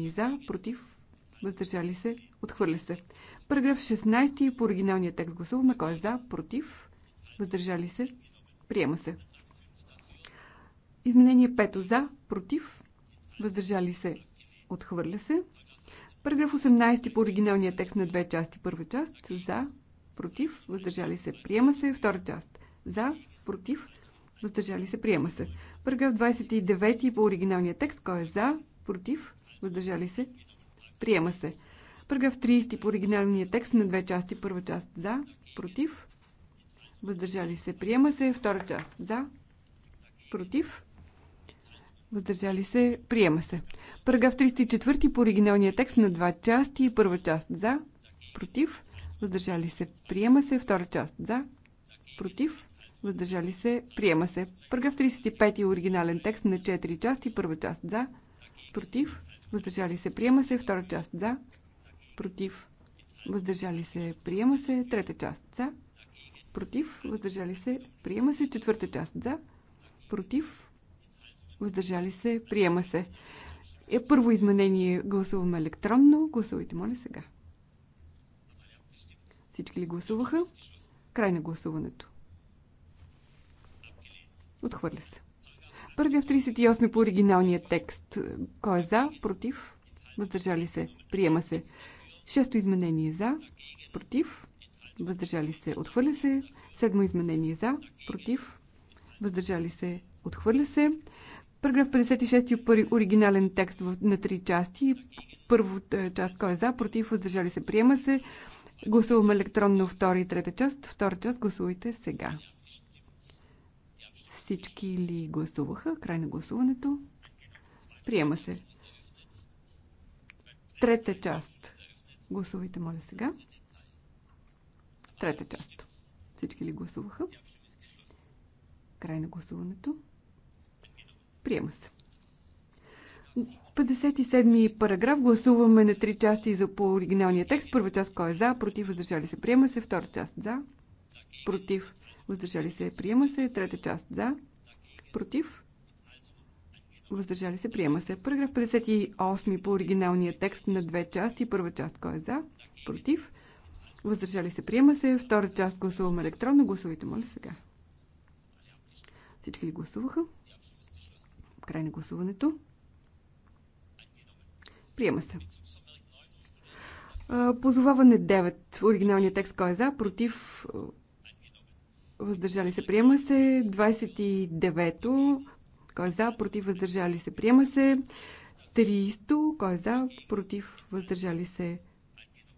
изменени за, против, въздържали се, отхвърля се. Параграф 16 по оригиналния текст гласуваме кой е за, против, въздържали се, приема се. Изменение 5 за, против, въздържали се, отхвърля се. Параграф 18 по оригиналния текст на две части. Първа част за, против, въздържали се, приема се. Втора част за, против, въздържали се, приема се. Параграф 29 по оригиналния текст. Кой е за, против, въздържали се, приема се. Параграф 30 по оригиналния текст на две части. Първа част за, против, въздържали се, приема се. Втора част за, против, въздържали се, приема се. Параграф 34 по оригиналния текст на два части. Първа част за, против, въздържали се, приема се. Втора част за, против, въздържали се, приема се. Параграф 35 е оригинален текст на 4 части. Първа част за, против, въздържали се, приема се. Втора част за, против, въздържали се, приема се. Трета част за, против, въздържали се, приема се. Четвърта част за, против, въздържали се, приема се. Е първо изменение гласуваме електронно. Гласувайте, моля, сега. Всички ли гласуваха? Край на гласуването. Отхвърля се. Параграф 38 по оригиналния текст. Кой е за? Против? Въздържали се? Приема се. Шесто изменение за? Против? Въздържали се? Отхвърля се. Седмо изменение за? Против? Въздържали се? Отхвърля се. Параграф 56 оригинален текст на три части. Първо е, част кой е за? Против? Въздържали се? Приема се. Гласуваме електронно втора и трета част. Втора част гласувайте сега. Всички ли гласуваха? Край на гласуването. Приема се. Трета част. Гласувайте, моля, сега. Трета част. Всички ли гласуваха? Край на гласуването. Приема се. 57 параграф. Гласуваме на три части за по оригиналния текст. Първа част кой е за, против, въздържали се. Приема се. Втора част за, против, въздържали се, приема се. Трета част за, против, въздържали се, приема се. Параграф 58 по оригиналния текст на две части. Първа част кой е за, против, въздържали се, приема се. Втора част гласуваме електронно. Гласувайте, моля сега. Всички ли гласуваха? Край на гласуването. Приема се. Позоваване 9. Оригиналният текст кой е за, против, въздържали се, приема се. 29-то, кой е за, против, въздържали се, приема се. 300, кой е за, против, въздържали се,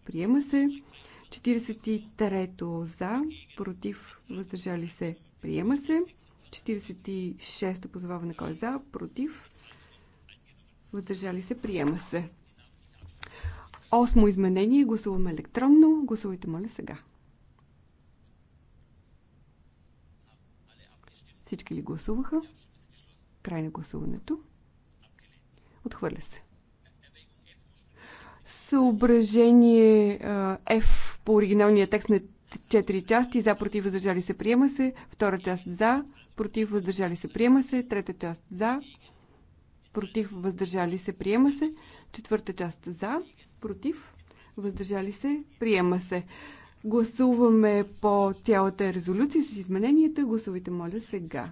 приема се. 43-то за, против, въздържали се, приема се. 46-то позоваване, кой е за, против, въздържали се, приема се. Осмо изменение, гласуваме електронно. Гласувайте, моля, сега. Всички ли гласуваха? Край на гласуването. Отхвърля се. Съображение F по оригиналния текст на 4 части. За, против, въздържали се, приема се. Втора част за, против, въздържали се, приема се. Трета част за, против, въздържали се, приема се. Четвърта част за, против, въздържали се, приема се. Гласуваме по цялата резолюция с измененията. Гласувайте, моля, сега.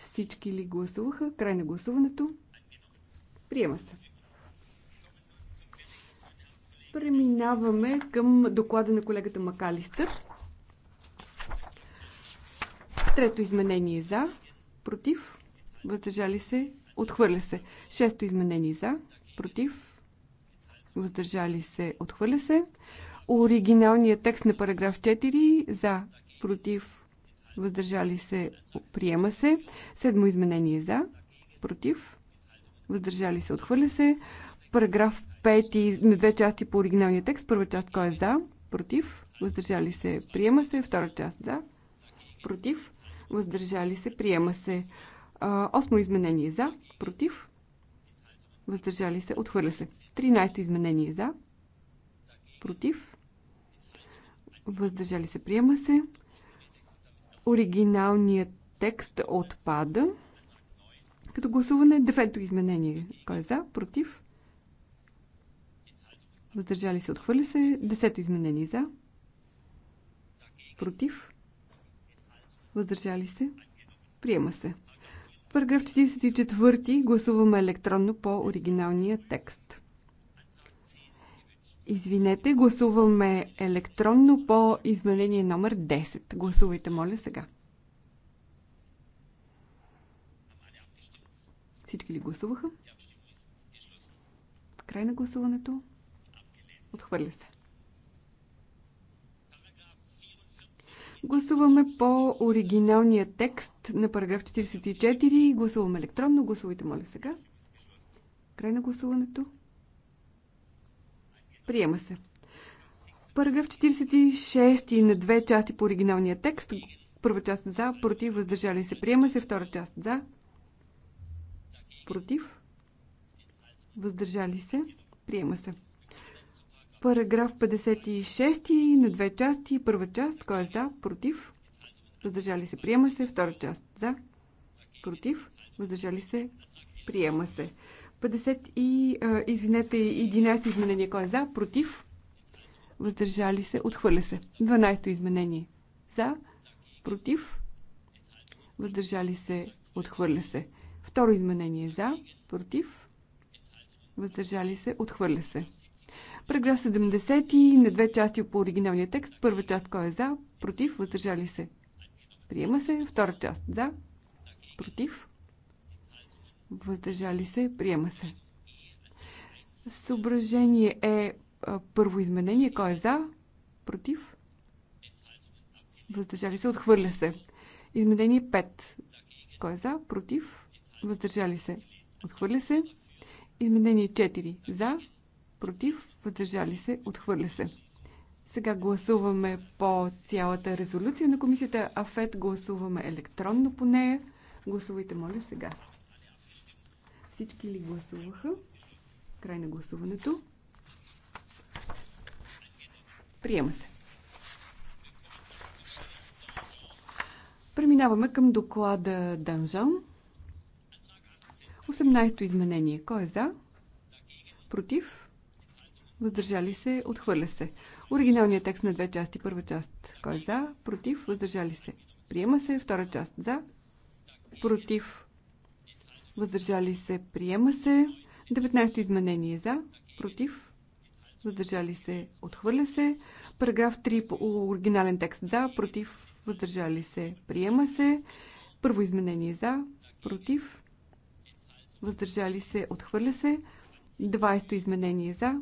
Всички ли гласуваха? Край на гласуването. Приема се. Преминаваме към доклада на колегата Макалистър. Трето изменение за, против, въздържали се, отхвърля се. Шесто изменение за, против, въздържали се, отхвърля се. Оригиналният текст на параграф 4 за, против, въздържали се, приема се. Седмо изменение за, против, въздържали се, отхвърля се. Параграф 5 на две части по оригиналния текст. Първа част кой е за, против, въздържали се, приема се. Втора част за, против, въздържали се, приема се. Осмо изменение за, против, въздържали се, отхвърля се. 13-то изменение за, против, въздържали се, приема се. Оригиналният текст отпада. Като гласуване, девето изменение. Кой е за, против, въздържали се, отхвърля се. Десето изменение за, против, въздържали се, приема се. Параграф 44. Гласуваме електронно по оригиналния текст. Извинете, гласуваме електронно по изменение номер 10. Гласувайте, моля, сега. Всички ли гласуваха? Край на гласуването. Отхвърля се. Гласуваме по оригиналния текст на параграф 44. Гласуваме електронно. Гласувайте, моля, сега. Край на гласуването. Приема се. Параграф 46 на две части по оригиналния текст. Първа част за, против, въздържали се. Приема се. Втора част за, против, въздържали се. Приема се. Параграф 56 на две части. Първа част, кой е за, против, въздържали се, приема се. Втора част, за, против, въздържали се, приема се. 50 и, а, извинете, 11 изменение, кой е за, против, въздържали се, отхвърля се. 12 изменение, за, против, въздържали се, отхвърля се. Второ изменение, за, против, въздържали се, отхвърля се. Параграф 70 на две части по оригиналния текст. Първа част кой е за, против, въздържали се. Приема се. Втора част за, против, въздържали се, приема се. Съображение е първо изменение. Кой е за, против, въздържали се, отхвърля се. Изменение 5. Кой е за, против, въздържали се, отхвърля се. Изменение 4. За, против, въздържали се, отхвърля се. Сега гласуваме по цялата резолюция на комисията АФЕТ. Гласуваме електронно по нея. Гласувайте, моля, сега. Всички ли гласуваха? Край на гласуването. Приема се. Преминаваме към доклада Данжан. 18-то изменение. Кой е за? Против? въздържали се, отхвърля се. Оригиналният текст на две части. Първа част, кой е за, против, въздържали се, приема се. Втора част, за, против, въздържали се, приема се. 19-то изменение за, против, въздържали се, отхвърля се. Параграф 3 по оригинален текст за, против, въздържали се, приема се. Първо изменение за, против, въздържали се, отхвърля се. 20-то изменение за,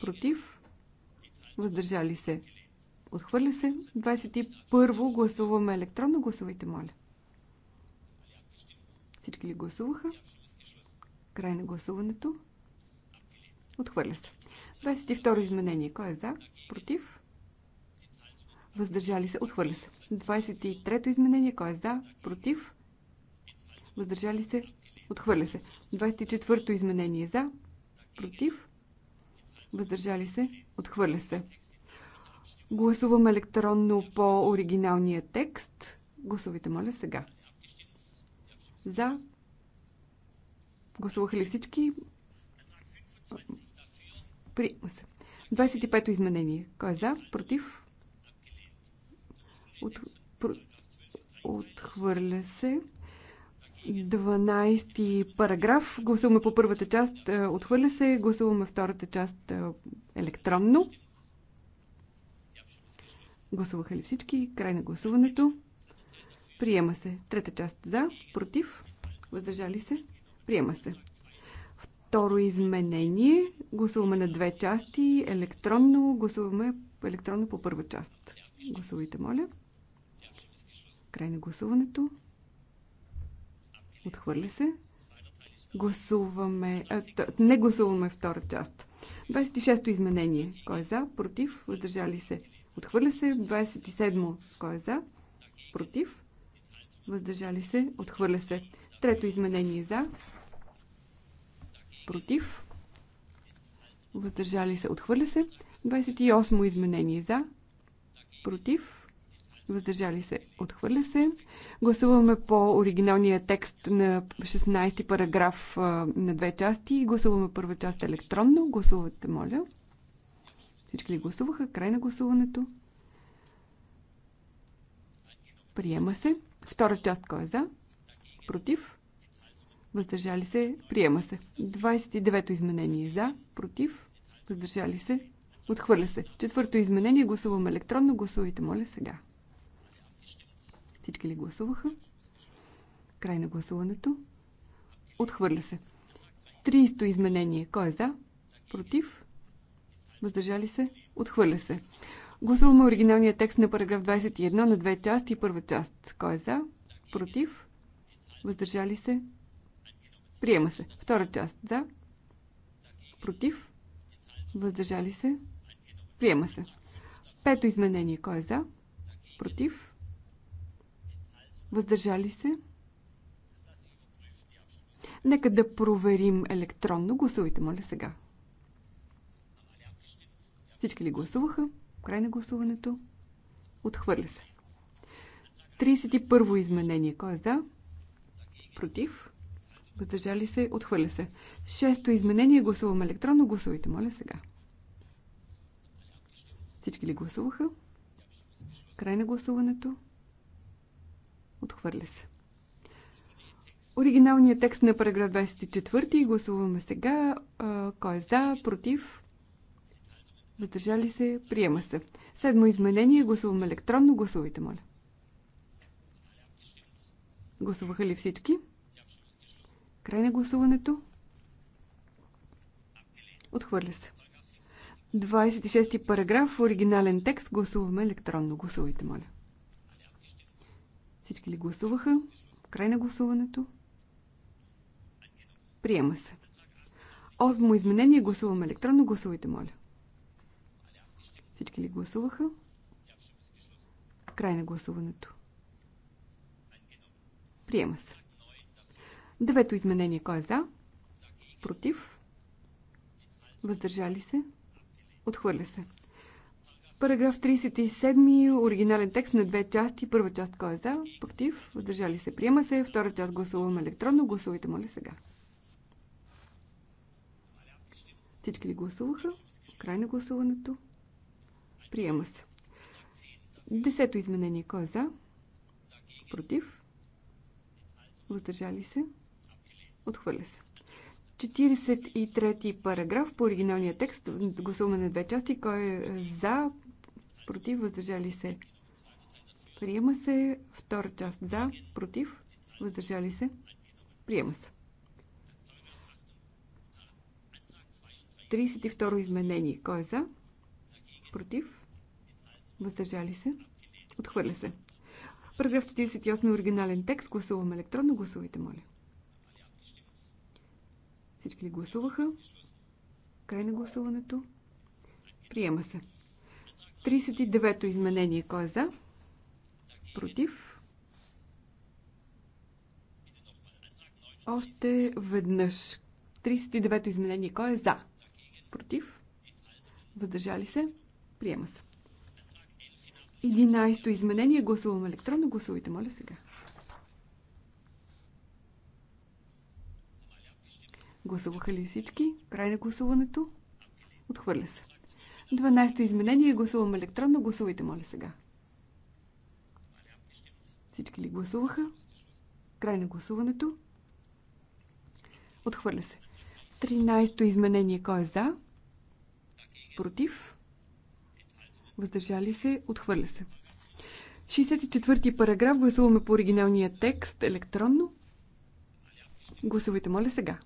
против, въздържали се, отхвърля се. 21 гласуваме електронно, гласувайте, моля. Всички ли гласуваха? Край на гласуването. Отхвърля се. 22 изменение. Кой е за? Против? Въздържали се? Отхвърля се. 23 изменение. Кой е за? Против? Въздържали се? Отхвърля се. 24 изменение. За? Против? въздържали се, отхвърля се. Гласуваме електронно по оригиналния текст. Гласувайте, моля, сега. За. Гласуваха ли всички? Приема се. 25-то изменение. Кой е за? Против? От, про, отхвърля се. 12 параграф. Гласуваме по първата част. Е, отхвърля се. Гласуваме втората част е, електронно. Гласуваха ли всички? Край на гласуването. Приема се. Трета част за, против, въздържали се. Приема се. Второ изменение. Гласуваме на две части. Електронно. Гласуваме електронно по първа част. Гласувайте, моля. Край на гласуването. Отхвърля се. Гласуваме. А, не гласуваме втора част. 26-то изменение. Кой е за? Против? Въздържали се. Отхвърля се. 27-мо. Кой е за? Против? Въздържали се. Отхвърля се. Трето изменение за. Против? Въздържали се. Отхвърля се. 28-мо изменение за. Против? въздържали се, отхвърля се. Гласуваме по оригиналния текст на 16 параграф на две части. Гласуваме първа част електронно. Гласувате, моля. Всички ли гласуваха? Край на гласуването. Приема се. Втора част кой е за? Против? Въздържали се? Приема се. 29-то изменение е за? Против? Въздържали се? Отхвърля се. Четвърто изменение. Гласуваме електронно. Гласувайте, моля, сега. Всички ли гласуваха? Край на гласуването. Отхвърля се. 30 изменение. Кой е за? Против? Въздържали се? Отхвърля се. Гласуваме оригиналния текст на параграф 21 на две части. и Първа част. Кой е за? Против? Въздържали се? Приема се. Втора част. За? Против? Въздържали се? Приема се. Пето изменение. Кой е за? Против? Въздържали се? Нека да проверим електронно. Гласувайте, моля сега. Всички ли гласуваха? Край на гласуването. Отхвърля се. 31 изменение. Кой е за? Против? Въздържали се? Отхвърля се. Шесто изменение. Гласуваме електронно. Гласувайте, моля сега. Всички ли гласуваха? Край на гласуването. Отхвърля се. Оригиналният текст на параграф 24 гласуваме сега. Кой е за, против, въздържали се, приема се. Седмо изменение, гласуваме електронно. Гласувайте, моля. Гласуваха ли всички? Край на гласуването. Отхвърля се. 26 параграф, оригинален текст. Гласуваме електронно. Гласувайте, моля. Всички ли гласуваха? Край на гласуването. Приема се. Осмо изменение. Гласувам електронно. Гласувайте, моля. Всички ли гласуваха? Край на гласуването. Приема се. Девето изменение. Кой е за? Против? Въздържали се? Отхвърля се. Параграф 37, оригинален текст на две части. Първа част кой е за, против, въздържали се, приема се. Втора част гласуваме електронно. Гласувайте, моля, сега. Всички ли гласуваха? Край на гласуването. Приема се. Десето изменение. Кой е за? Против? Въздържали се? Отхвърля се. 43 параграф по оригиналния текст. Гласуваме на две части. Кой е за против, въздържали се. Приема се. Втора част за, против, въздържали се. Приема се. 32 изменение. Кой е за? Против? Въздържали се? Отхвърля се. Параграф 48 е оригинален текст. Гласувам електронно. Гласувайте, моля. Всички ли гласуваха? Край на гласуването. Приема се. 39-то изменение. Кой е за? Против? Още веднъж. 39-то изменение. Кой е за? Против? Въздържали се? Приема се. 11-то изменение. Гласувам електронно. Гласувайте, моля, сега. Гласуваха ли всички? Край на гласуването? Отхвърля се. 12-то изменение. Гласувам електронно. Гласувайте, моля сега. Всички ли гласуваха? Край на гласуването. Отхвърля се. 13-то изменение. Кой е за? Против? Въздържали се? Отхвърля се. 64-ти параграф. Гласуваме по оригиналния текст електронно. Гласувайте, моля сега.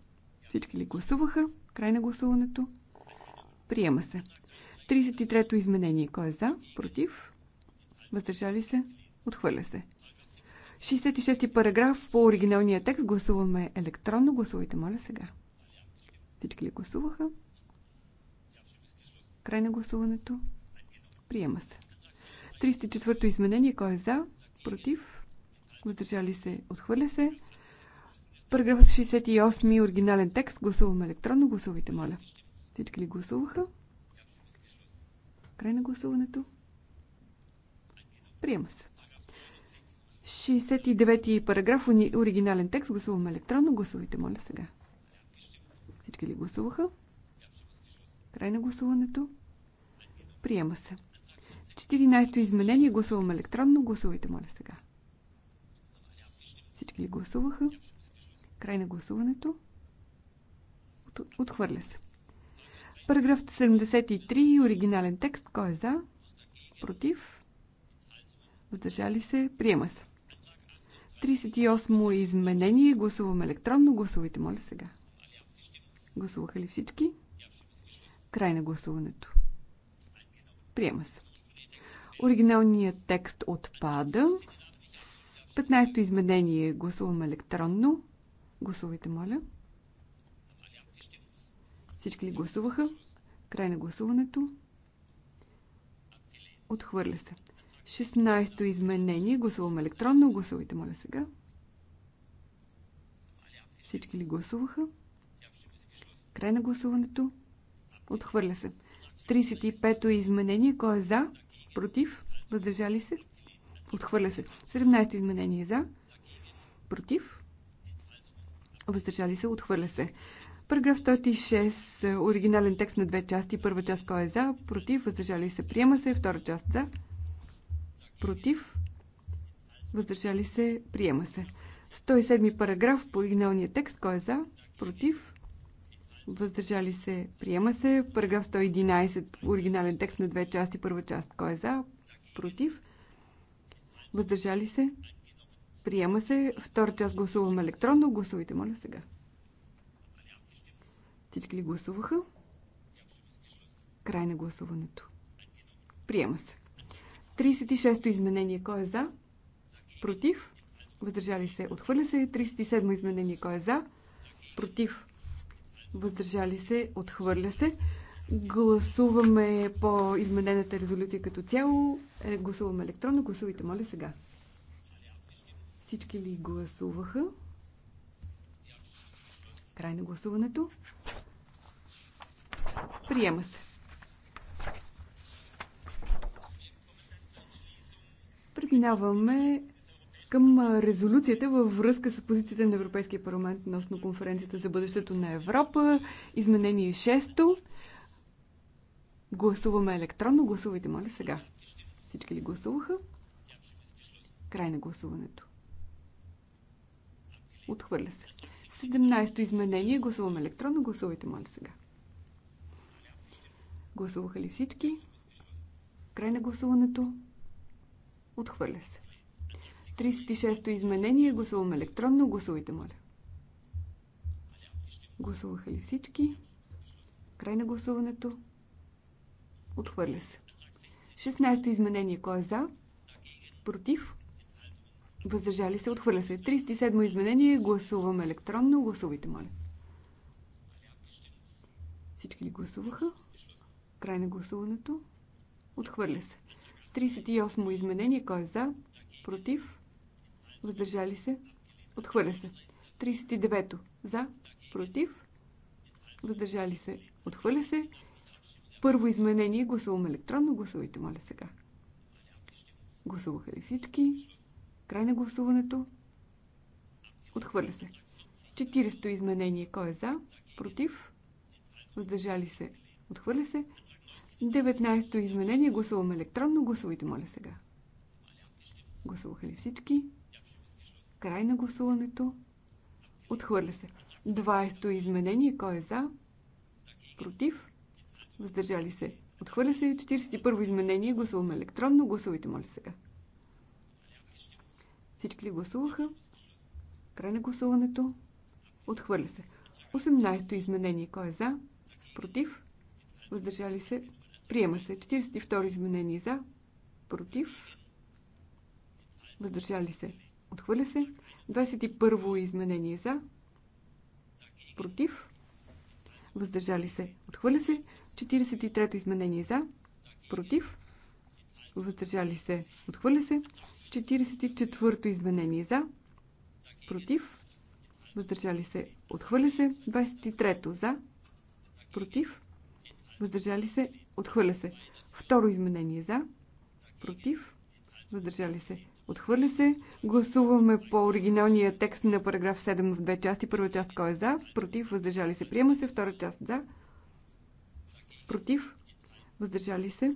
Всички ли гласуваха? Край на гласуването. Приема се. 33-то изменение. Кой е за? Против? Въздържали се? Отхвърля се. 66-ти параграф по оригиналния текст. Гласуваме електронно. Гласувайте, моля, сега. Всички ли гласуваха? Край на гласуването. Приема се. 34-то изменение. Кой е за? Против? Въздържали се? Отхвърля се. Параграф 68 оригинален текст. Гласуваме електронно. Гласувайте, моля. Всички ли гласуваха? Край на гласуването. Приема се. 69 параграф, оригинален текст. Гласуваме електронно. Гласувайте, моля, сега. Всички ли гласуваха? Край на гласуването. Приема се. 14-то изменение. Гласуваме електронно. Гласувайте, моля, сега. Всички ли гласуваха? Край на гласуването. От, отхвърля се. Параграф 73, оригинален текст. Кой е за? Против? Въздържали се? Приема се. 38 изменение. Гласуваме електронно. Гласувайте, моля, сега. Гласуваха ли всички? Край на гласуването. Приема се. Оригиналният текст отпада. 15-то изменение гласуваме електронно. Гласувайте, моля. Всички ли гласуваха? Край на гласуването. Отхвърля се. 16-то изменение. Гласувам електронно. Гласувайте, моля сега. Всички ли гласуваха? Край на гласуването. Отхвърля се. 35-то изменение. Кой е за? Против? Въздържали се? Отхвърля се. 17-то изменение за? Против? Въздържали се? Отхвърля се. Параграф 106, е, оригинален текст на две части. Първа част кой е за, против, въздържали се, приема се. Втора част за, против, въздържали се, приема се. 107 параграф по оригиналния текст кой е за, против, въздържали се, приема се. Параграф 111, оригинален текст на две части. Първа част кой е за, против, въздържали се, приема се. Втора част гласувам електронно. Гласувайте, моля сега. Всички ли гласуваха? Край на гласуването. Приема се. 36-то изменение. Кой е за? Против? Въздържали се. Отхвърля се. 37-то изменение. Кой е за? Против? Въздържали се. Отхвърля се. Гласуваме по изменената резолюция като цяло. Е, гласуваме електронно. Гласувайте, моля, сега. Всички ли гласуваха? Край на гласуването. Приема се. Преминаваме към резолюцията във връзка с позицията на Европейския парламент относно конференцията за бъдещето на Европа. Изменение 6. Гласуваме електронно. Гласувайте, моля, сега. Всички ли гласуваха? Край на гласуването. Отхвърля се. 17-то изменение. Гласуваме електронно. Гласувайте, моля, сега. Гласуваха ли всички? Край на гласуването. Отхвърля се. 36-то изменение. Гласуваме електронно. Гласувайте, моля. Гласуваха ли всички? Край на гласуването. Отхвърля се. 16-то изменение. Кой е за? Против? Въздържали се. Отхвърля се. 37-то изменение. Гласувам електронно. Гласувайте, моля. Всички ли гласуваха? Край на гласуването. Отхвърля се. 38 изменение. Кой е за? Против? Въздържали се? Отхвърля се. 39 За? Против? Въздържали се? Отхвърля се. Първо изменение. Гласувам електронно. Гласувайте, моля сега. Гласуваха ли всички? Край на гласуването. Отхвърля се. 40 изменение. Кой е за? Против? Въздържали се? Отхвърля се. 19-то изменение. Гласуваме електронно. Гласувайте, моля сега. Гласуваха ли всички? Край на гласуването. Отхвърля се. 20-то изменение. Кой е за? Против? Въздържали се. Отхвърля се. 41-во изменение. Гласуваме електронно. Гласувайте, моля сега. Всички ли гласуваха? Край на гласуването. Отхвърля се. 18-то изменение. Кой е за? Против? Въздържали се. Приема се. 42 изменение за. Против. Въздържали се. Отхвърля се. 21 изменение за. Против. Въздържали се. Отхвърля се. 43 изменение за. Против. Въздържали се. Отхвърля се. 44 изменение за. Против. Въздържали се. Отхвърля се. 23 за. Против. Въздържали се. Отхвърля се. Второ изменение за. Против. Въздържали се. Отхвърля се. Гласуваме по оригиналния текст на параграф 7 в две части. Първа част кой е за, против, въздържали се. Приема се. Втора част за, против, въздържали се.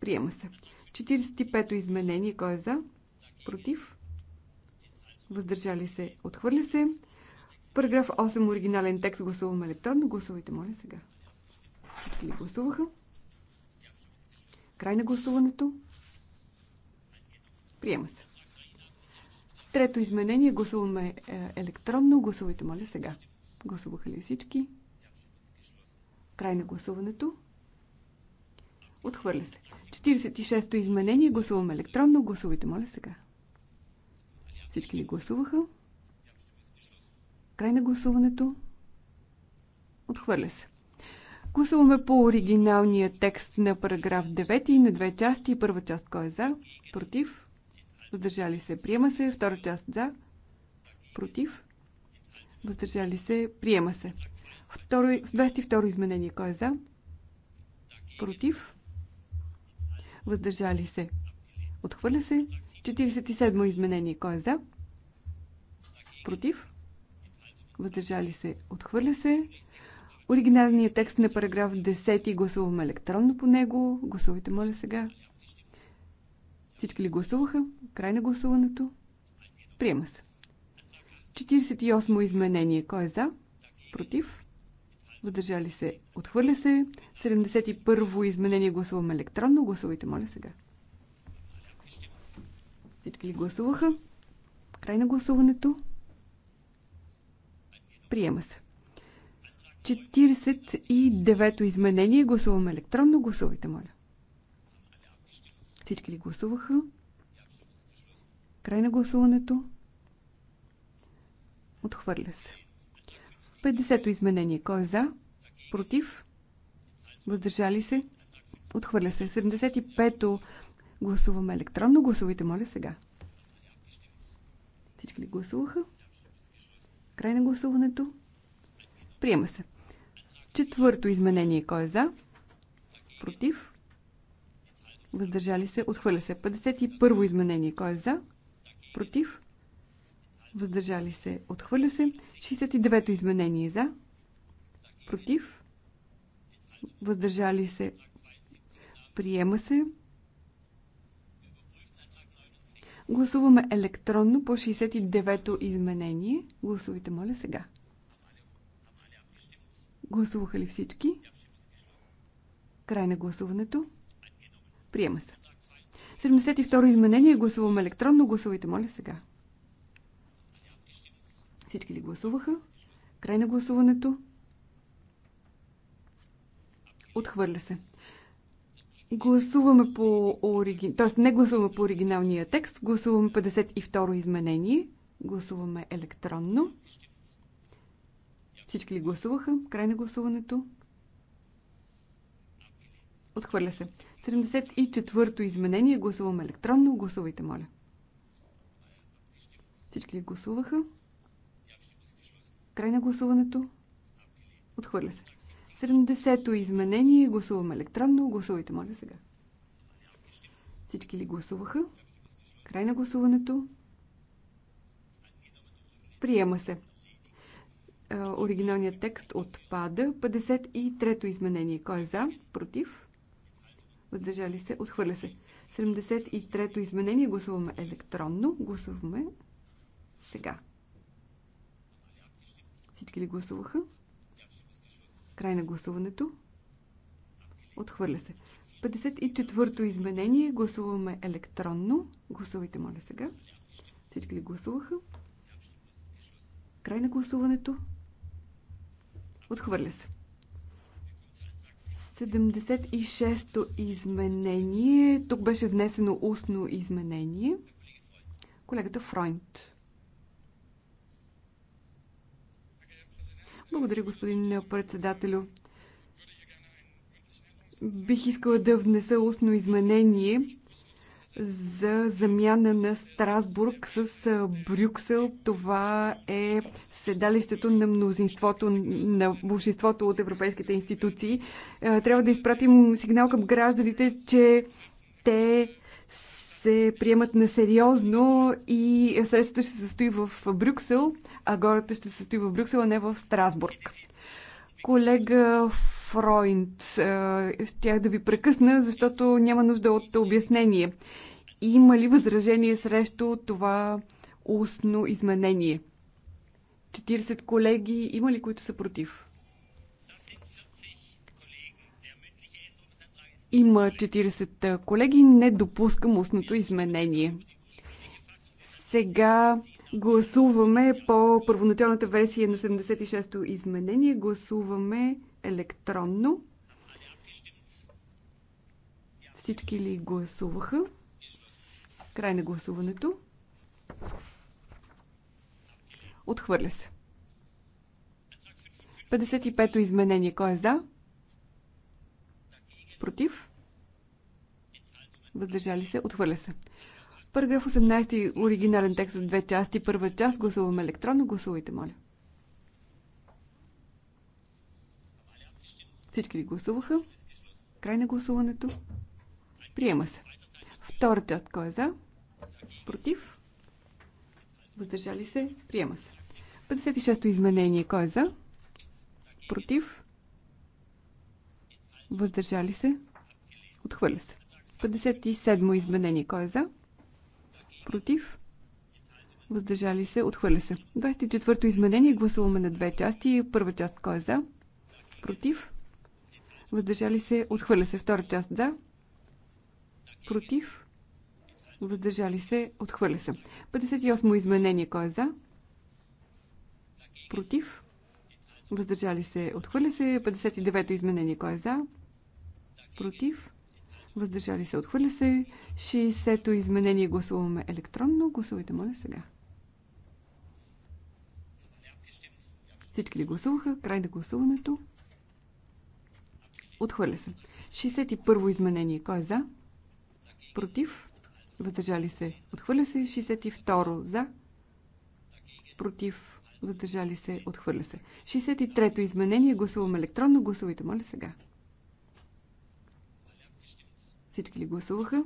Приема се. 45-то изменение кой е за, против, въздържали се. Отхвърля се. Параграф 8 оригинален текст. Гласуваме електронно. Гласувайте, моля, сега. Всички ли гласуваха? Край на гласуването. Приема се. Трето изменение. Гласуваме е, електронно. Гласувайте, моля, сега. Гласуваха ли всички? Край на гласуването. Отхвърля се. 46-то изменение. Гласуваме електронно. Гласувайте, моля, сега. Всички ли гласуваха? Край на гласуването. Отхвърля се. Гласуваме по оригиналния текст на параграф 9 и на две части. Първа част кой е за? Против? Въздържали се? Приема се. Втора част за? Против? Въздържали се? Приема се. Второ, 202 изменение кой е за? Против? Въздържали се? Отхвърля се. 47 изменение кой е за? Против? Въздържали се? Отхвърля се. Оригиналният текст на параграф 10 гласуваме електронно по него. Гласувайте, моля, сега. Всички ли гласуваха? Край на гласуването. Приема се. 48 изменение. Кой е за? Против? Въздържали се? Отхвърля се. 71 изменение. Гласуваме електронно. Гласувайте, моля, сега. Всички ли гласуваха? Край на гласуването. Приема се. 49-то изменение. Гласуваме електронно. Гласувайте, моля. Всички ли гласуваха? Край на гласуването. Отхвърля се. 50-то изменение. Кой е за? Против? Въздържали се? Отхвърля се. 75-то гласуваме електронно. Гласувайте, моля, сега. Всички ли гласуваха? Край на гласуването. Приема се. Четвърто изменение. Кой е за? Против? Въздържали се? Отхвърля се. 51-во изменение. Кой е за? Против? Въздържали се? Отхвърля се. 69-то изменение. За? Против? Въздържали се? Приема се. Гласуваме електронно по 69-то изменение. Гласувайте, моля, сега. Гласуваха ли всички? Край на гласуването. Приема се. 72 изменение. Гласуваме електронно. Гласувайте, моля, сега. Всички ли гласуваха? Край на гласуването. Отхвърля се. Гласуваме по оригин... Тоест не гласуваме по оригиналния текст, гласуваме 52-ро изменение. Гласуваме електронно. Всички ли гласуваха? Край на гласуването. Отхвърля се. 74-то изменение. Гласуваме електронно. Гласувайте, моля. Всички ли гласуваха? Край на гласуването. Отхвърля се. 70-то изменение. Гласуваме електронно. Гласувайте, моля, сега. Всички ли гласуваха? Край на гласуването. Приема се. Е, оригиналният текст отпада. 53-то изменение. Кой е за? Против? Въздържали се? Отхвърля се. 73-то изменение. Гласуваме електронно. Гласуваме сега. Всички ли гласуваха? Край на гласуването. Отхвърля се. 54-то изменение. Гласуваме електронно. Гласувайте, моля, сега. Всички ли гласуваха? Край на гласуването. Отхвърля се. 76-то изменение. Тук беше внесено устно изменение. Колегата Фройнт. Благодаря, господин председателю. Бих искала да внеса устно изменение за замяна на Страсбург с Брюксел. Това е седалището на мнозинството, на большинството от европейските институции. Трябва да изпратим сигнал към гражданите, че те се приемат на сериозно и срещата ще се състои в Брюксел, а гората ще се състои в Брюксел, а не в Страсбург. Колега Фройнд. Щях да ви прекъсна, защото няма нужда от обяснение. Има ли възражение срещу това устно изменение? 40 колеги има ли, които са против? Има 40 колеги. Не допускам устното изменение. Сега гласуваме по първоначалната версия на 76-то изменение. Гласуваме електронно. Всички ли гласуваха? Край на гласуването. Отхвърля се. 55-то изменение. Кой е за? Против? Въздържали се? Отхвърля се. Параграф 18. Оригинален текст от две части. Първа част. Гласуваме електронно. Гласувайте, моля. Всички ли гласуваха? Край на гласуването. Приема се. Втора част. Кой е за? Против? Въздържали се? Приема се. 56-то изменение. Кой е за? Против? Въздържали се? Отхвърля се. 57-мо изменение. Кой е за? Против? Въздържали се? Отхвърля се. 24-то изменение. Гласуваме на две части. Първа част. Кой е за? Против? Въздържали се? Отхвърля се. Втора част. За? Против? въздържали се, отхвърля се. 58-мо изменение, кой е за? Против, въздържали се, отхвърля се. 59-то изменение, кой е за? Против, въздържали се, отхвърля се. 60-то изменение гласуваме електронно. Гласувайте, моля, сега. Всички ли гласуваха? Край на гласуването. Отхвърля се. 61-во изменение. Кой е за? Против? въздържали се, отхвърля се. 62 за, против, въздържали се, отхвърля се. 63-то изменение, гласуваме електронно, гласувайте, моля сега. Всички ли гласуваха?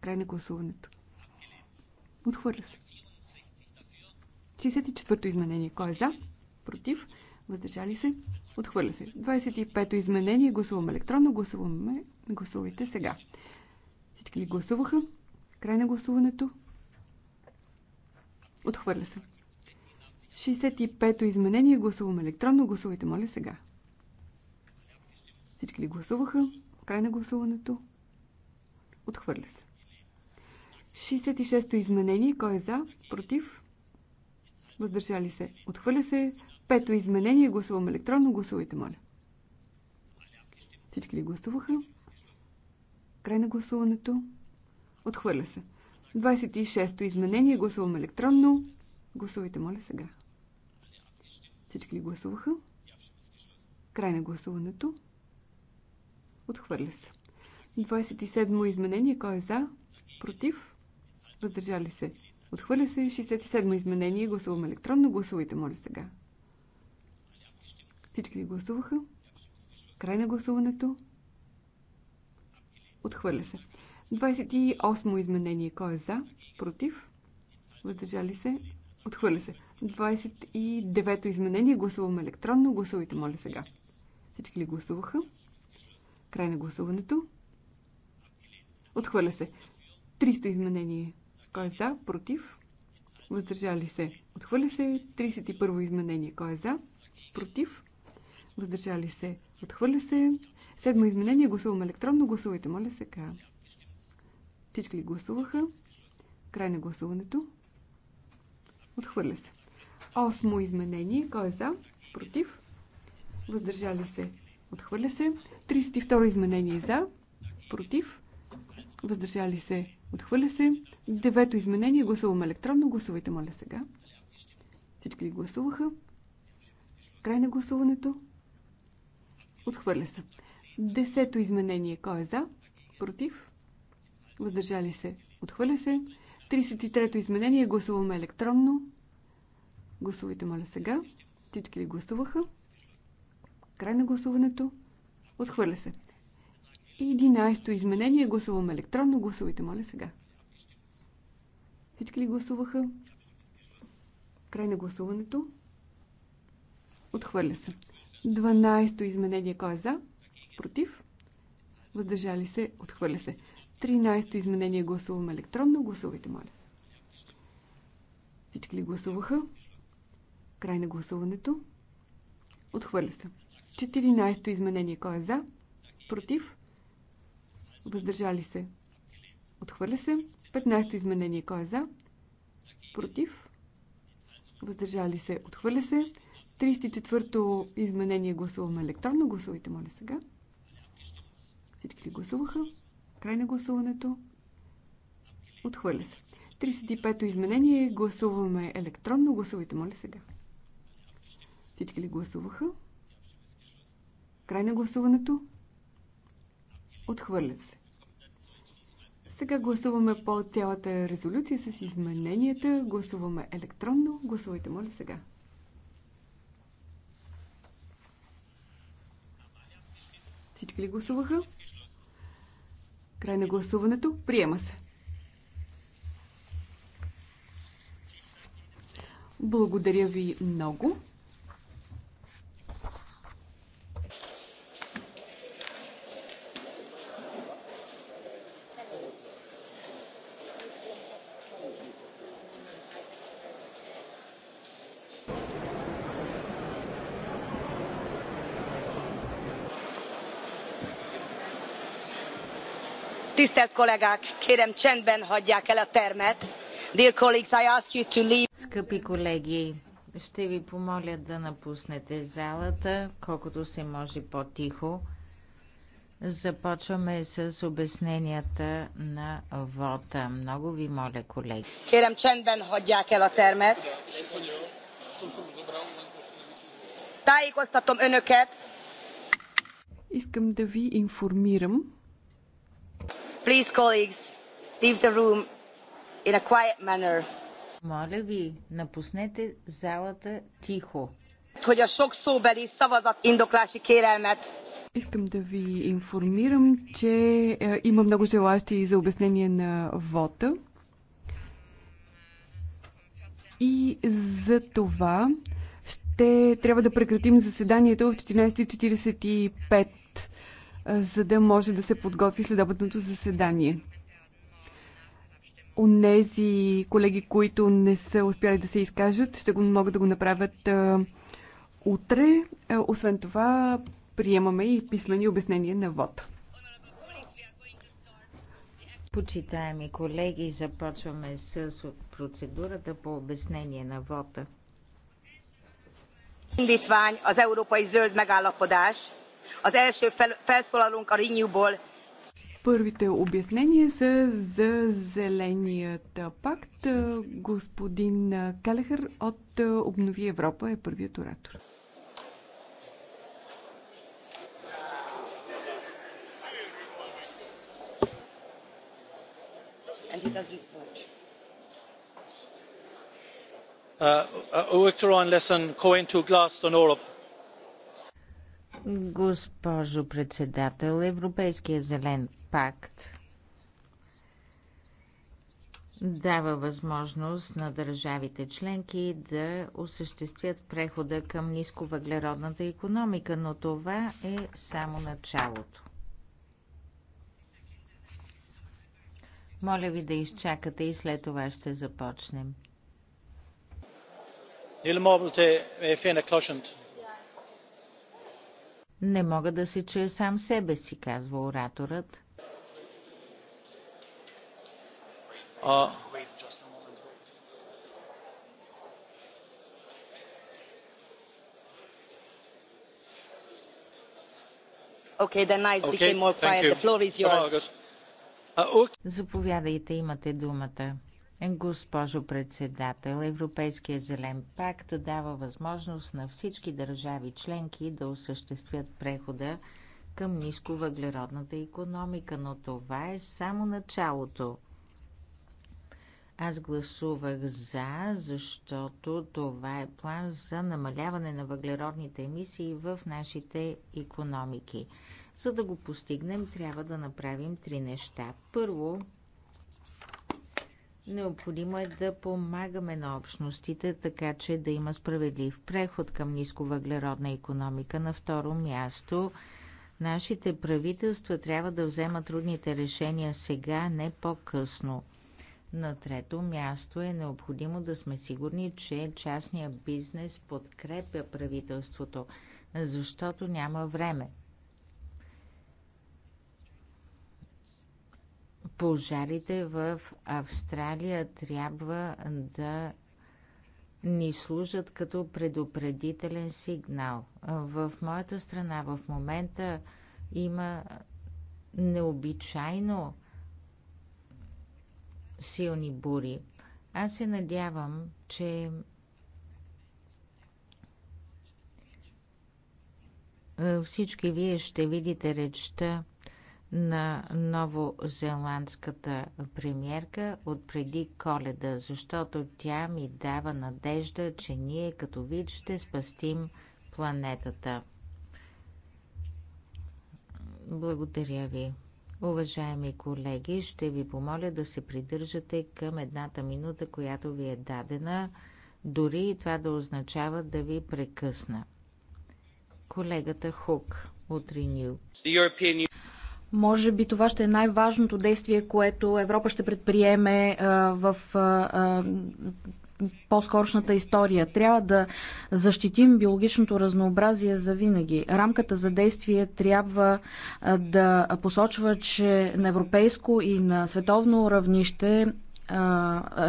Край на гласуването. Отхвърля се. 64-то изменение. Кой е за? Против? Въздържали се? Отхвърля се. 25-то изменение. Гласуваме електронно. Гласуваме. Гласувайте сега. Всички ли гласуваха? Край на гласуването. Отхвърля се. 65-то изменение. Гласуваме електронно. Гласувайте, моля, сега. Всички ли гласуваха? Край на гласуването. Отхвърля се. 66-то изменение. Кой е за? Против? Въздържали се. Отхвърля се. Пето изменение. Гласуваме електронно. Гласувайте, моля. Всички ли гласуваха? Край на гласуването. Отхвърля се. 26-то изменение. Гласувам електронно. Гласувайте, моля, сега. Всички ли гласуваха? Край на гласуването. Отхвърля се. 27-мо изменение. Кой е за? Против? Въздържали се. Отхвърля се. 67-мо изменение. Гласувам електронно. Гласувайте, моля, сега. Всички ли гласуваха? Край на гласуването. Отхвърля се. 28 изменение. Кой е за? Против? Въздържали се? Отхвърля се. 29-то изменение. Гласуваме електронно. Гласувайте, моля, сега. Всички ли гласуваха? Край на гласуването. Отхвърля се. 300 изменение. Кой е за? Против? Въздържали се? Отхвърля се. 31 изменение. Кой е за? Против? Въздържали се? Отхвърля се. Седмо изменение. Гласуваме електронно. Гласувайте, моля сега. Всички ли гласуваха? Край на гласуването. Отхвърля се. Осмо изменение. Кой е за? Против? Въздържали се? Отхвърля се. 32 изменение за? Против? Въздържали се? Отхвърля се. Девето изменение. Гласуваме електронно. Гласувайте, моля сега. Всички ли гласуваха? Край на гласуването. Отхвърля се. Десето изменение. Кой е за? Против? Въздържали се. Отхвърля се. 33-то изменение. Гласуваме електронно. Гласувайте, моля, сега. Всички ли гласуваха? Край на гласуването. Отхвърля се. 11-то изменение. Гласуваме електронно. Гласувайте, моля, сега. Всички ли гласуваха? Край на гласуването. Отхвърля се. 12-то изменение кой е за? Против? Въздържали се? Отхвърля се. 13-то изменение гласуваме електронно. Гласувайте, моля. Всички ли гласуваха? Край на гласуването. Отхвърля се. 14-то изменение кой е за? Против? Въздържали се? Отхвърля се. 15-то изменение кой е за? Против? Въздържали се? Отхвърля се. 34-то изменение гласуваме електронно. Гласувайте, моля сега. Всички ли гласуваха? Край на гласуването. Отхвърля се. 35-то изменение гласуваме електронно. Гласувайте, моля сега. Всички ли гласуваха? Край на гласуването. Отхвърля се. Сега гласуваме по цялата резолюция с измененията. Гласуваме електронно. Гласувайте, моля, сега. Всички ли гласуваха? Край на гласуването. Приема се. Благодаря ви много. Tisztelt kollégák, kérem csendben hagyják el a termet. Dear colleagues, I ask you to leave. Скъпи колеги, ще ви помоля да напуснете залата, колкото се може по-тихо. Започваме с обясненията на вота. Много ви моля, колеги. Кирам csendben hagyják el термет. termet. Tájékoztatom önöket. Искам да ви информирам, Please, colleagues, leave the room in a quiet manner. Моля ви, напуснете залата тихо. Hogy a sok szóbeli szavazat indoklási kérelmet Искам да ви информирам, че е, има много желащи за обяснение на вота. И за това ще трябва да прекратим заседанието в 14.45 за да може да се подготви следобедното заседание. Онези колеги, които не са успяли да се изкажат, ще го могат да го направят а, утре. А, освен това, приемаме и писмени обяснения на вод. Почитаеми колеги, започваме с процедурата по обяснение на вота. Indítvány аз európai zöld мегалоподаш. Az első fel, felszólalunk a Първите обяснения са за зеленият пакт. Господин Келехер от Обнови Европа е първият оратор. Uh, uh, Electoral lesson going to Glastonbury Europe. Госпожо председател, Европейския зелен пакт дава възможност на държавите членки да осъществят прехода към нисковъглеродната економика, но това е само началото. Моля ви да изчакате и след това ще започнем. Ilmobile е fene не мога да се чуя сам себе си, казва ораторът. А... Okay, then I became more quiet. The floor is yours. Uh, Заповядайте, имате думата. Госпожо председател, Европейския зелен пакт дава възможност на всички държави членки да осъществят прехода към нисковъглеродната економика, но това е само началото. Аз гласувах за, защото това е план за намаляване на въглеродните емисии в нашите економики. За да го постигнем, трябва да направим три неща. Първо, Необходимо е да помагаме на общностите, така че да има справедлив преход към нисковъглеродна економика. На второ място, нашите правителства трябва да вземат трудните решения сега, не по-късно. На трето място е необходимо да сме сигурни, че частния бизнес подкрепя правителството, защото няма време. пожарите в Австралия трябва да ни служат като предупредителен сигнал. В моята страна в момента има необичайно силни бури. Аз се надявам, че всички вие ще видите речта на новозеландската премьерка от преди коледа, защото тя ми дава надежда, че ние като вид ще спастим планетата. Благодаря ви. Уважаеми колеги, ще ви помоля да се придържате към едната минута, която ви е дадена, дори и това да означава да ви прекъсна. Колегата Хук от Renew. Може би това ще е най-важното действие, което Европа ще предприеме в по-скорошната история. Трябва да защитим биологичното разнообразие за винаги. Рамката за действие трябва да посочва, че на европейско и на световно равнище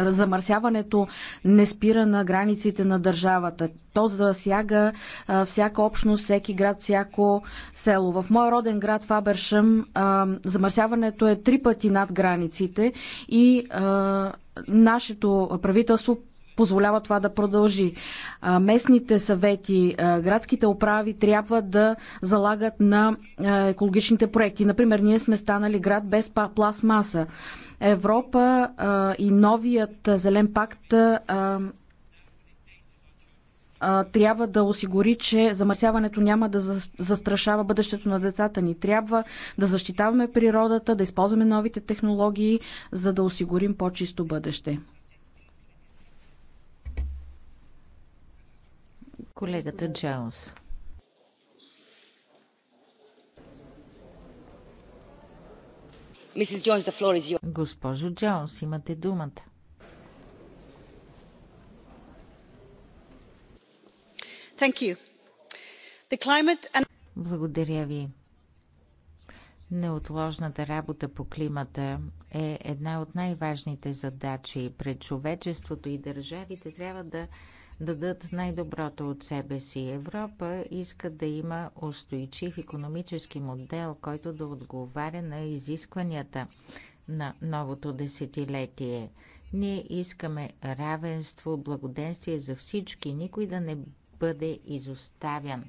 замърсяването не спира на границите на държавата. То засяга всяка общност, всеки град, всяко село. В моя роден град Фабершъм замърсяването е три пъти над границите и нашето правителство позволява това да продължи. Местните съвети, градските управи трябва да залагат на екологичните проекти. Например, ние сме станали град без пластмаса. Европа а, и новият зелен пакт а, трябва да осигури, че замърсяването няма да застрашава бъдещето на децата ни. Трябва да защитаваме природата, да използваме новите технологии, за да осигурим по-чисто бъдеще. Колегата Джаус. Mrs. Jones, the floor is yours. Госпожо Джонс, имате думата. And... Благодаря ви. Неотложната работа по климата е една от най-важните задачи пред човечеството и държавите трябва да дадат най-доброто от себе си. Европа иска да има устойчив економически модел, който да отговаря на изискванията на новото десетилетие. Ние искаме равенство, благоденствие за всички, никой да не бъде изоставян.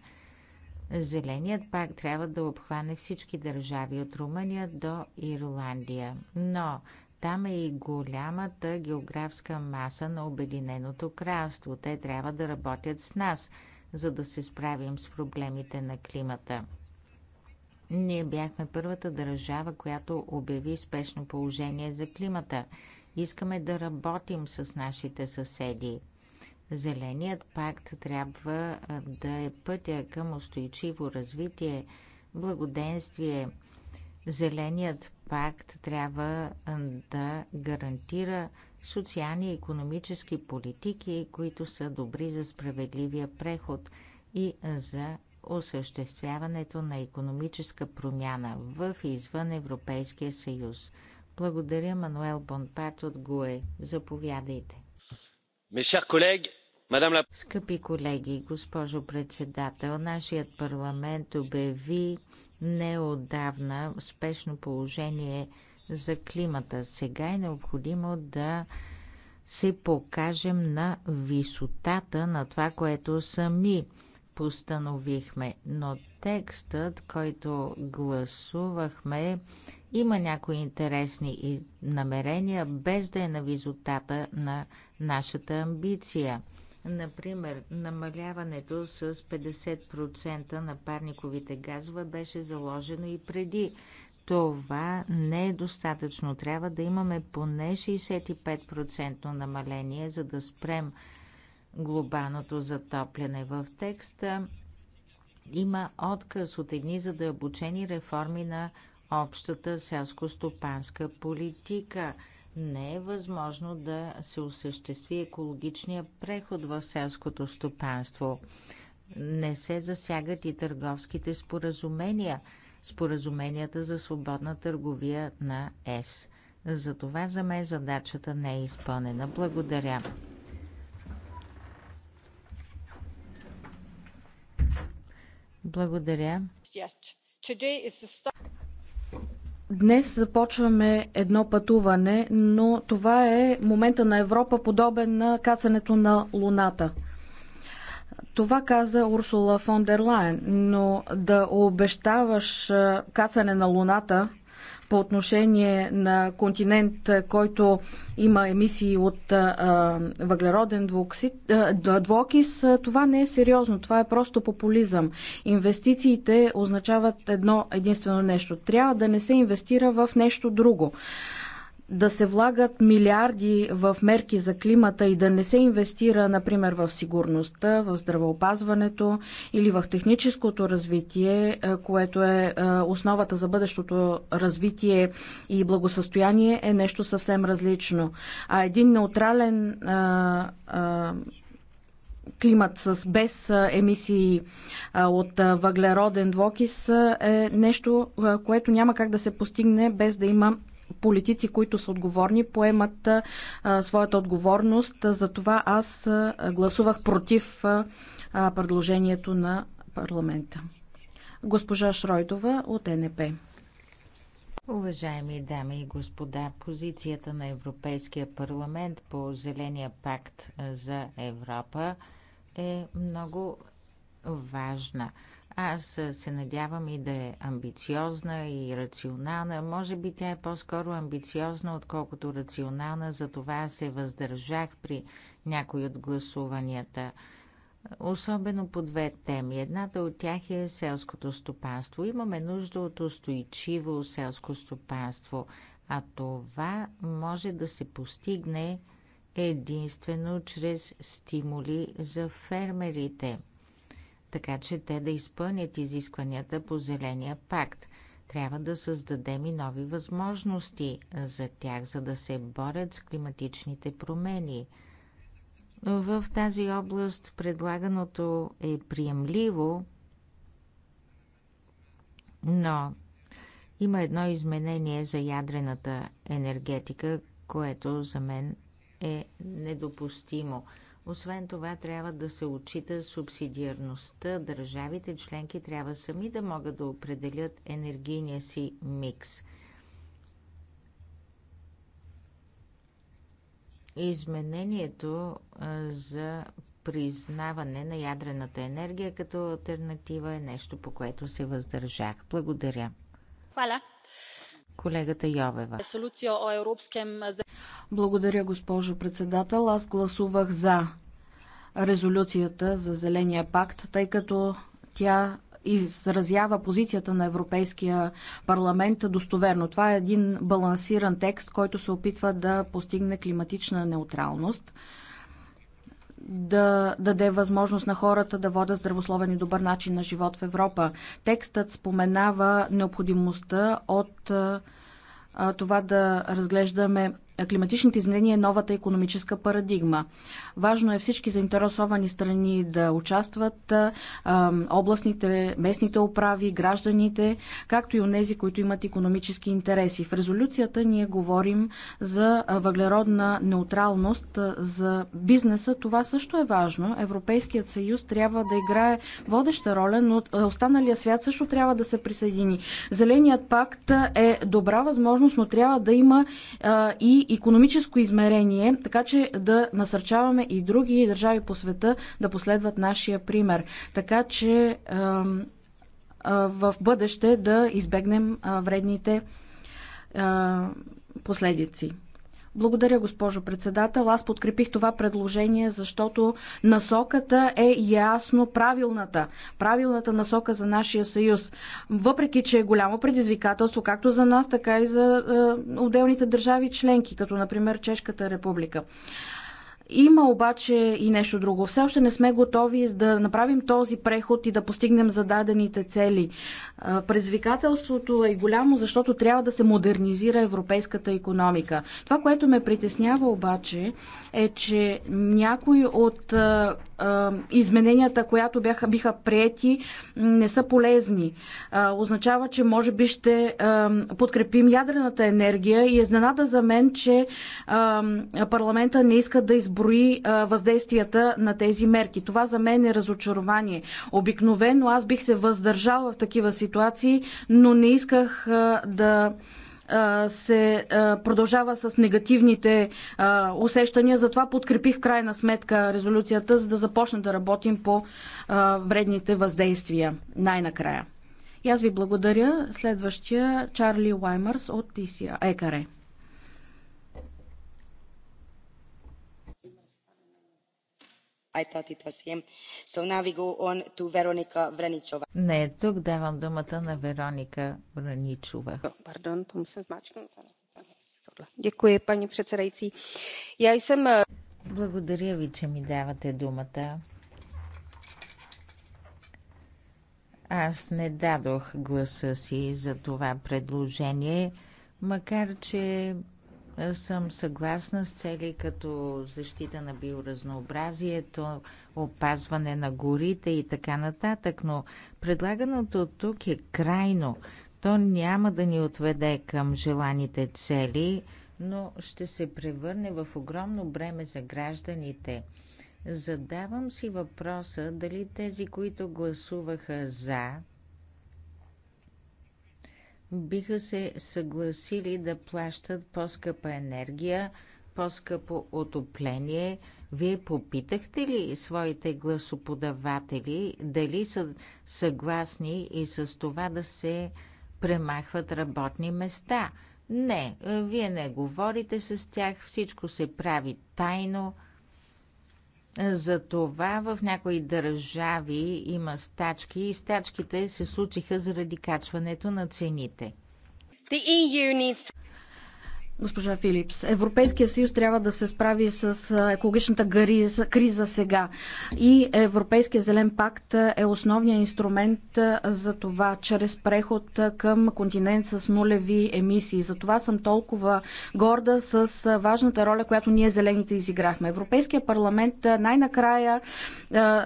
Зеленият пак трябва да обхване всички държави от Румъния до Ирландия. Но там е и голямата географска маса на Обединеното кралство. Те трябва да работят с нас, за да се справим с проблемите на климата. Ние бяхме първата държава, която обяви спешно положение за климата. Искаме да работим с нашите съседи. Зеленият пакт трябва да е пътя към устойчиво развитие, благоденствие. Зеленият пакт трябва да гарантира социални и економически политики, които са добри за справедливия преход и за осъществяването на економическа промяна в и извън Европейския съюз. Благодаря, Мануел Бонпарт от ГУЕ. Заповядайте. Скъпи колеги, госпожо председател, нашият парламент обяви неодавна спешно положение за климата. Сега е необходимо да се покажем на висотата на това, което сами постановихме, но текстът, който гласувахме, има някои интересни намерения, без да е на визотата на нашата амбиция. Например, намаляването с 50% на парниковите газове беше заложено и преди. Това не е достатъчно. Трябва да имаме поне 65% намаление, за да спрем глобалното затопляне. В текста има отказ от едни задълбочени реформи на общата селско-стопанска политика. Не е възможно да се осъществи екологичния преход в селското стопанство. Не се засягат и търговските споразумения, споразуменията за свободна търговия на ЕС. Затова за мен задачата не е изпълнена. Благодаря. Благодаря. Днес започваме едно пътуване, но това е момента на Европа, подобен на кацането на Луната. Това каза Урсула фон дер Лайен, но да обещаваш кацане на Луната – по отношение на континент, който има емисии от въглероден двуоксид, двуокис, това не е сериозно. Това е просто популизъм. Инвестициите означават едно единствено нещо. Трябва да не се инвестира в нещо друго да се влагат милиарди в мерки за климата и да не се инвестира, например, в сигурността, в здравеопазването или в техническото развитие, е, което е, е основата за бъдещото развитие и благосъстояние, е нещо съвсем различно. А един неутрален а, е, а, климат с без емисии от въглероден двокис е нещо, което няма как да се постигне без да има политици, които са отговорни, поемат а, своята отговорност. За това аз гласувах против а, предложението на парламента. Госпожа Шройдова от НП. Уважаеми дами и господа, позицията на Европейския парламент по Зеления пакт за Европа е много важна. Аз се надявам и да е амбициозна и рационална. Може би тя е по-скоро амбициозна, отколкото рационална. Затова се въздържах при някои от гласуванията. Особено по две теми. Едната от тях е селското стопанство. Имаме нужда от устойчиво селско стопанство, а това може да се постигне единствено чрез стимули за фермерите – така че те да изпълнят изискванията по Зеления пакт. Трябва да създадем и нови възможности за тях, за да се борят с климатичните промени. В тази област предлаганото е приемливо, но има едно изменение за ядрената енергетика, което за мен е недопустимо – освен това, трябва да се отчита субсидиарността. Държавите членки трябва сами да могат да определят енергийния си микс. Изменението за признаване на ядрената енергия като альтернатива е нещо, по което се въздържах. Благодаря. Хвала колегата Йовева. Благодаря, госпожо председател. Аз гласувах за резолюцията за Зеления пакт, тъй като тя изразява позицията на Европейския парламент достоверно. Това е един балансиран текст, който се опитва да постигне климатична неутралност да даде възможност на хората да водят здравословен и добър начин на живот в Европа. Текстът споменава необходимостта от това да разглеждаме климатичните изменения е новата економическа парадигма. Важно е всички заинтересовани страни да участват, областните, местните управи, гражданите, както и у нези, които имат економически интереси. В резолюцията ние говорим за въглеродна неутралност за бизнеса. Това също е важно. Европейският съюз трябва да играе водеща роля, но останалия свят също трябва да се присъедини. Зеленият пакт е добра възможност, но трябва да има и економическо измерение, така че да насърчаваме и други държави по света да последват нашия пример. Така че в бъдеще да избегнем вредните последици. Благодаря, госпожо председател. Аз подкрепих това предложение, защото насоката е ясно правилната. Правилната насока за нашия съюз. Въпреки, че е голямо предизвикателство, както за нас, така и за е, отделните държави членки, като например Чешката република. Има обаче и нещо друго. Все още не сме готови да направим този преход и да постигнем зададените цели. Предизвикателството е голямо, защото трябва да се модернизира европейската економика. Това, което ме притеснява обаче, е, че някои от измененията, която бяха, биха приети, не са полезни. Означава, че може би ще подкрепим ядрената енергия и е знаната за мен, че парламента не иска да изброи въздействията на тези мерки. Това за мен е разочарование. Обикновено аз бих се въздържала в такива ситуации, но не исках да се продължава с негативните усещания. Затова подкрепих в крайна сметка резолюцията, за да започнем да работим по вредните въздействия най-накрая. И аз ви благодаря. Следващия Чарли Уаймърс от ЕКАРЕ. I thought it was him. So now we go on to Veronika Vraničova. Не, е тук давам думата на Вероника Враничова. Pardon, to musím zmáčknout. Děkuji, paní předsedající. Já jsem... Eh, Благодаря ви, че ми давате думата. Аз не дадох гласа си за това предложение, макар че съм съгласна с цели като защита на биоразнообразието, опазване на горите и така нататък, но предлаганото тук е крайно. То няма да ни отведе към желаните цели, но ще се превърне в огромно бреме за гражданите. Задавам си въпроса дали тези, които гласуваха за биха се съгласили да плащат по-скъпа енергия, по-скъпо отопление. Вие попитахте ли своите гласоподаватели дали са съгласни и с това да се премахват работни места? Не, вие не говорите с тях, всичко се прави тайно – за това в някои държави има стачки и стачките се случиха заради качването на цените. E to... Госпожа Филипс, Европейския съюз трябва да се справи с екологичната криза сега. И Европейския зелен пакт е основният инструмент за това, чрез преход към континент с нулеви емисии. За това съм толкова горда с важната роля, която ние зелените изиграхме. Европейския парламент най-накрая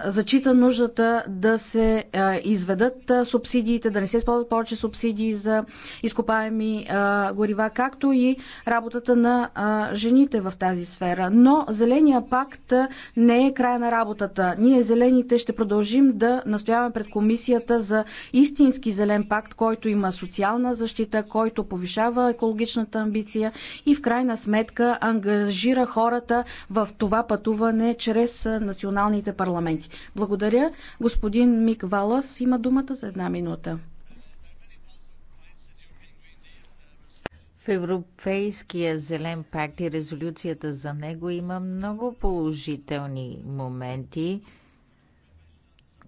зачита нуждата да се изведат субсидиите, да не се използват повече субсидии за изкопаеми горива, както и работата на а, жените в тази сфера. Но Зеления пакт не е края на работата. Ние, зелените, ще продължим да настояваме пред комисията за истински зелен пакт, който има социална защита, който повишава екологичната амбиция и в крайна сметка ангажира хората в това пътуване чрез националните парламенти. Благодаря. Господин Мик Валас има думата за една минута. Европейския зелен пакт и резолюцията за него има много положителни моменти.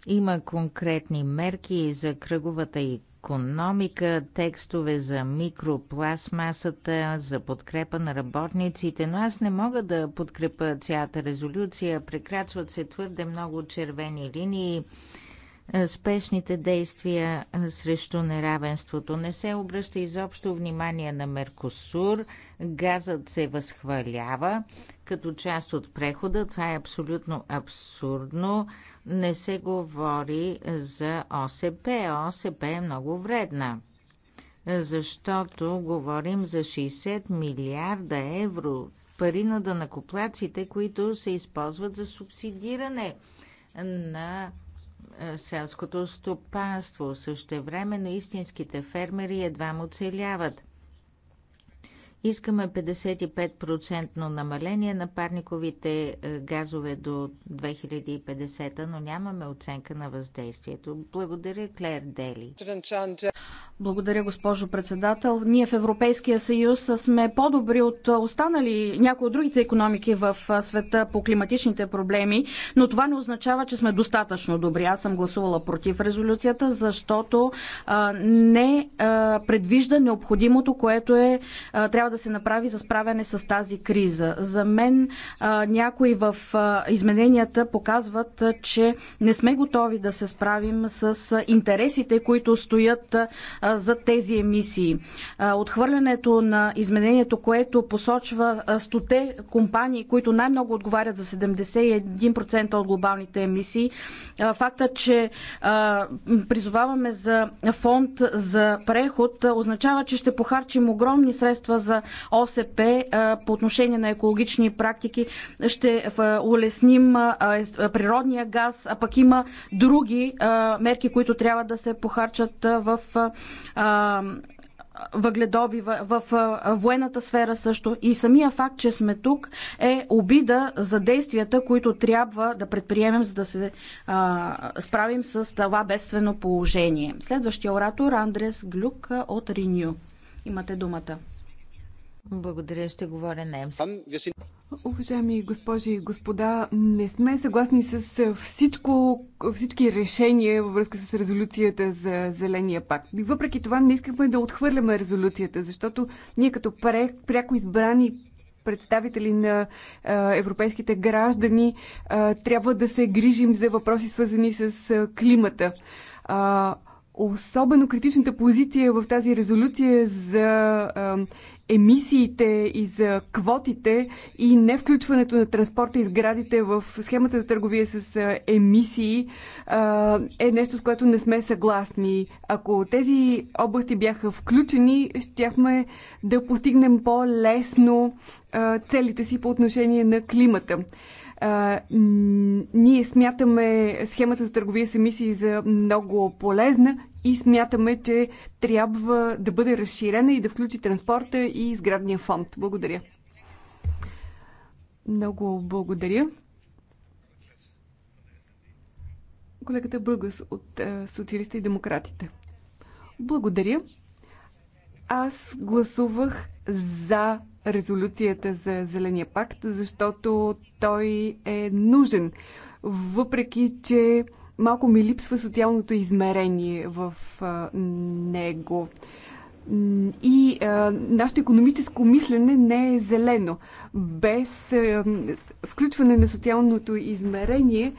Има конкретни мерки за кръговата економика, текстове за микропластмасата, за подкрепа на работниците, но аз не мога да подкрепа цялата резолюция. Прекрачват се твърде много червени линии спешните действия срещу неравенството. Не се обръща изобщо внимание на Меркосур. Газът се възхвалява като част от прехода. Това е абсолютно абсурдно. Не се говори за ОСП. ОСП е много вредна защото говорим за 60 милиарда евро пари на данакоплаците, които се използват за субсидиране на е, селското стопанство. също време, на истинските фермери едва му целяват. Искаме 55% намаление на парниковите е, газове до 2050, но нямаме оценка на въздействието. Благодаря, Клер Дели. Благодаря, госпожо председател. Ние в Европейския съюз сме по-добри от останали някои от другите економики в света по климатичните проблеми, но това не означава, че сме достатъчно добри. Аз съм гласувала против резолюцията, защото а, не а, предвижда необходимото, което е, а, трябва да се направи за справяне с тази криза. За мен а, някои в а, измененията показват, а, че не сме готови да се справим с а, интересите, които стоят а, за тези емисии. Отхвърлянето на изменението, което посочва стоте компании, които най-много отговарят за 71% от глобалните емисии, факта, че призоваваме за фонд за преход, означава, че ще похарчим огромни средства за ОСП по отношение на екологични практики, ще улесним природния газ, а пък има други мерки, които трябва да се похарчат в Въгледоби в военната сфера също. И самия факт, че сме тук е обида за действията, които трябва да предприемем, за да се а, справим с това бедствено положение. Следващия оратор Андрес Глюк от Риню. Имате думата. Благодаря, ще говоря немски. Уважаеми госпожи и господа, не сме съгласни с всичко, всички решения във връзка с резолюцията за Зеления пакт. И въпреки това не искахме да отхвърляме резолюцията, защото ние като пряко избрани представители на а, европейските граждани а, трябва да се грижим за въпроси свързани с а, климата. А, особено критичната позиция в тази резолюция за а, емисиите и за квотите и не включването на транспорта и сградите в схемата за търговия с емисии е нещо, с което не сме съгласни. Ако тези области бяха включени, щяхме да постигнем по-лесно целите си по отношение на климата. А, ние смятаме схемата за търговия с емисии за много полезна и смятаме, че трябва да бъде разширена и да включи транспорта и сградния фонд. Благодаря. Много благодаря. Колегата Бългас от Социалиста и Демократите. Благодаря. Аз гласувах за резолюцията за Зеления пакт, защото той е нужен. Въпреки, че малко ми липсва социалното измерение в а, него. И а, нашето економическо мислене не е зелено. Без а, включване на социалното измерение,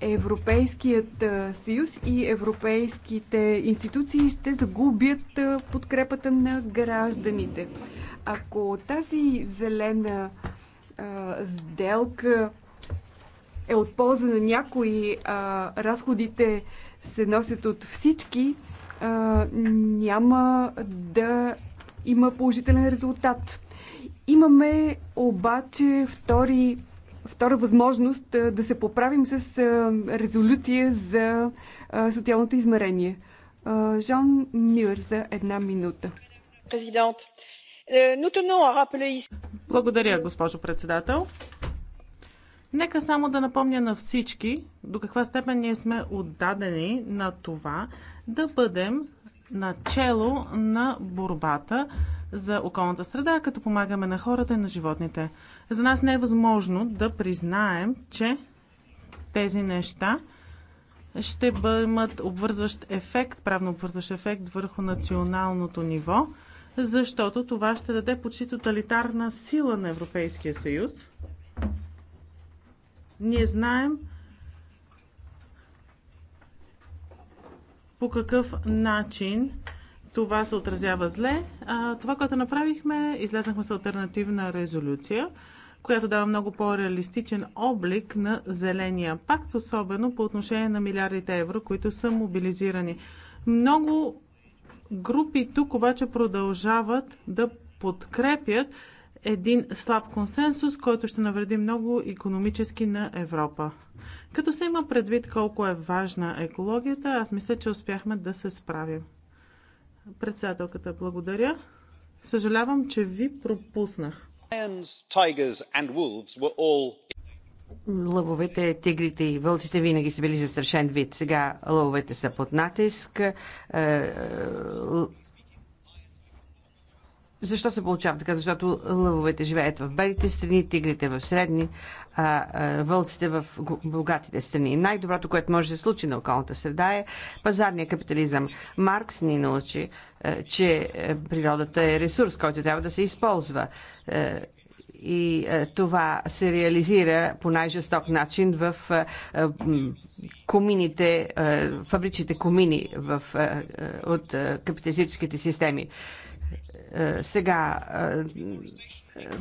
Европейският съюз и европейските институции ще загубят подкрепата на гражданите. Ако тази зелена а, сделка е от полза на някои, а разходите се носят от всички, а, няма да има положителен резултат. Имаме обаче втори втора възможност да се поправим с резолюция за социалното измерение. Жан Мюр за една минута. Президент, е, благодаря, госпожо председател. Нека само да напомня на всички до каква степен ние сме отдадени на това да бъдем начело на борбата за околната среда, като помагаме на хората и на животните. За нас не е възможно да признаем, че тези неща ще имат обвързващ ефект, правно обвързващ ефект върху националното ниво, защото това ще даде почти тоталитарна сила на Европейския съюз. Ние знаем по какъв начин това се отразява зле. това, което направихме, излезнахме с альтернативна резолюция която дава много по-реалистичен облик на зеления пакт, особено по отношение на милиардите евро, които са мобилизирани. Много групи тук обаче продължават да подкрепят един слаб консенсус, който ще навреди много економически на Европа. Като се има предвид колко е важна екологията, аз мисля, че успяхме да се справим. Председателката, благодаря. Съжалявам, че ви пропуснах. Лъвовете, тигрите и вълците винаги са били застрашен вид. Сега лъвовете са под натиск. Е, е, Защо се получава така? Защото лъвовете живеят в белите страни, тигрите в средни, а, а, вълците в богатите страни. Най-доброто, което може да се случи на околната среда е пазарния капитализъм. Маркс ни научи, а, че природата е ресурс, който трябва да се използва. и е, това се реализира по най-жесток начин в е, комините, е, фабричните комини в, е, от е, капиталистическите системи. Е, сега е,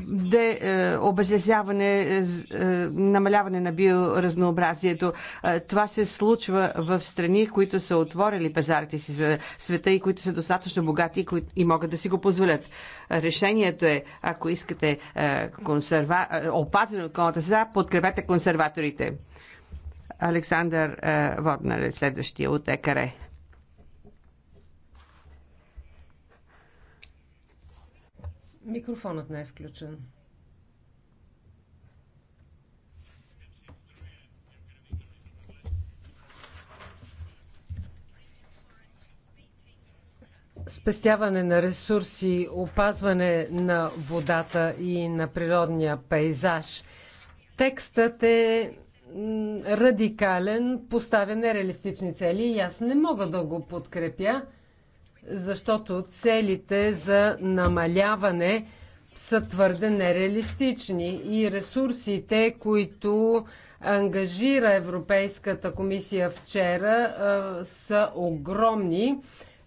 де, е, обезлесяване, е, е, намаляване на биоразнообразието. Това се случва в страни, които са отворили пазарите си за света и които са достатъчно богати и могат да си го позволят. Решението е, ако искате консерва... опазване от колната среда, подкрепете консерваторите. Александър Воднер е следващия от ЕКАРЕ. Микрофонът не е включен. спестяване на ресурси, опазване на водата и на природния пейзаж. Текстът е радикален, поставя нереалистични цели и аз не мога да го подкрепя защото целите за намаляване са твърде нереалистични и ресурсите, които ангажира Европейската комисия вчера, са огромни,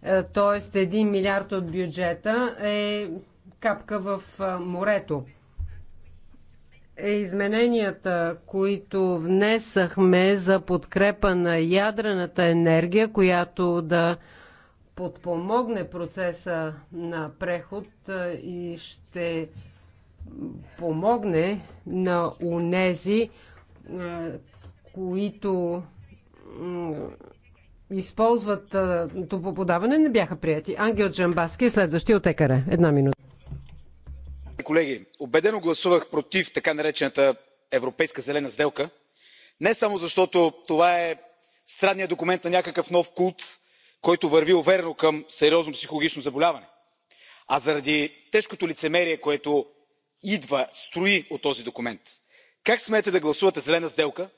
т.е. 1 милиард от бюджета е капка в морето. Е, измененията, които внесахме за подкрепа на ядрената енергия, която да подпомогне процеса на преход и ще помогне на унези, които използват топоподаване, не бяха прияти. Ангел Джамбаски е следващия от ЕКАРЕ. Една минута. Колеги, убедено гласувах против така наречената Европейска зелена сделка. Не само защото това е странният документ на някакъв нов култ, който върви уверено към сериозно психологично заболяване а заради тежкото лицемерие което идва струи от този документ. как смеете да гласувате зелена сделка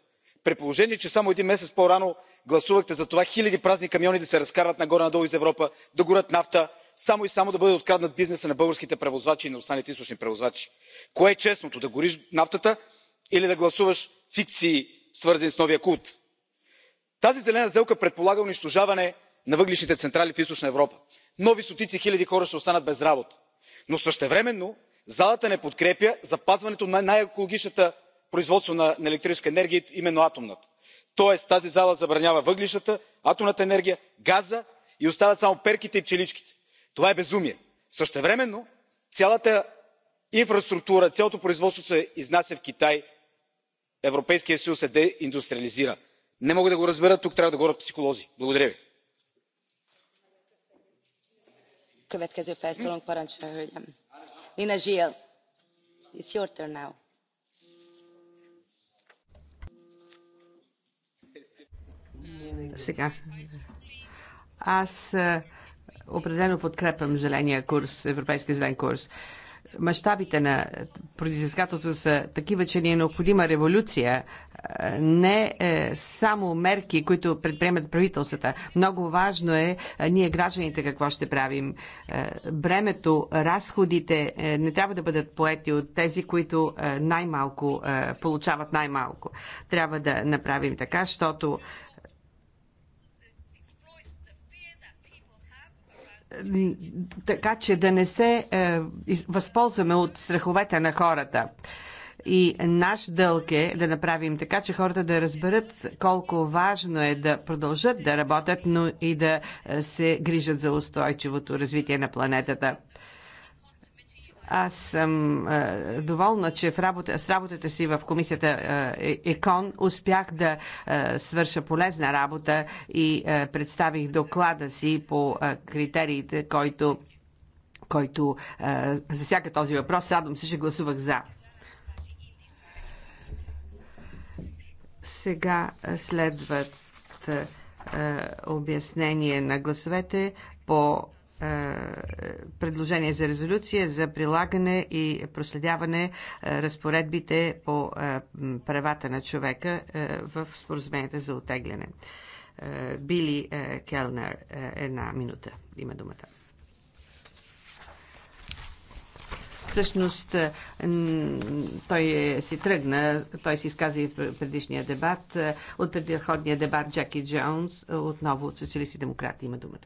при положение че само един месец по рано гласувахте за това хиляди празни камиони да се разкарват нагоре надолу из европа да горят нафта само и само да бъде откраднат бизнесът на българските превозвачи и на останалите източни превозвачи? кое е честното да гориш нафтата или да гласуваш фикции свързани с новия култ? тази зелена сделка предполага унищожаване на въглищните централи в източна европа. нови стотици хиляди хора ще останат без работа. но същевременно залата не подкрепя запазването на най екологичното производство на електрическа енергия именно атомната. тоест тази зала забранява въглищата атомната енергия газа и остават само перките и пчеличките. това е безумие! същевременно цялата инфраструктура цялото производство се изнася в китай. европейският съюз се деиндустриализира. не мога да го разбера тук трябва да говорят психолози. благодаря ви. Сега. Аз е, определено подкрепям зеления курс, европейския зелен курс мащабите на предизвикателството са такива, че ни е необходима революция, не е, само мерки, които предприемат правителствата. Много важно е ние гражданите какво ще правим. Бремето, разходите е, не трябва да бъдат поети от тези, които е, най-малко получават най-малко. Трябва да направим така, защото така че да не се е, възползваме от страховете на хората. И наш дълг е да направим така, че хората да разберат колко важно е да продължат да работят, но и да е, се грижат за устойчивото развитие на планетата. Аз съм а, е, доволна, че в работа, с работата си в комисията е, е, ЕКОН успях да а, свърша полезна работа и а, представих доклада си по а, критериите, който, който е, засяга този въпрос. Радвам се, че гласувах за. Сега следват а, обяснение на гласовете по е, предложение за резолюция за прилагане и проследяване е, разпоредбите по е, правата на човека в споразуменията за отегляне. Били Келнер, една минута има думата. Всъщност той си тръгна, той си изказа и в предишния дебат, от предходния дебат Джаки Джонс, отново от социалисти демократи има думата.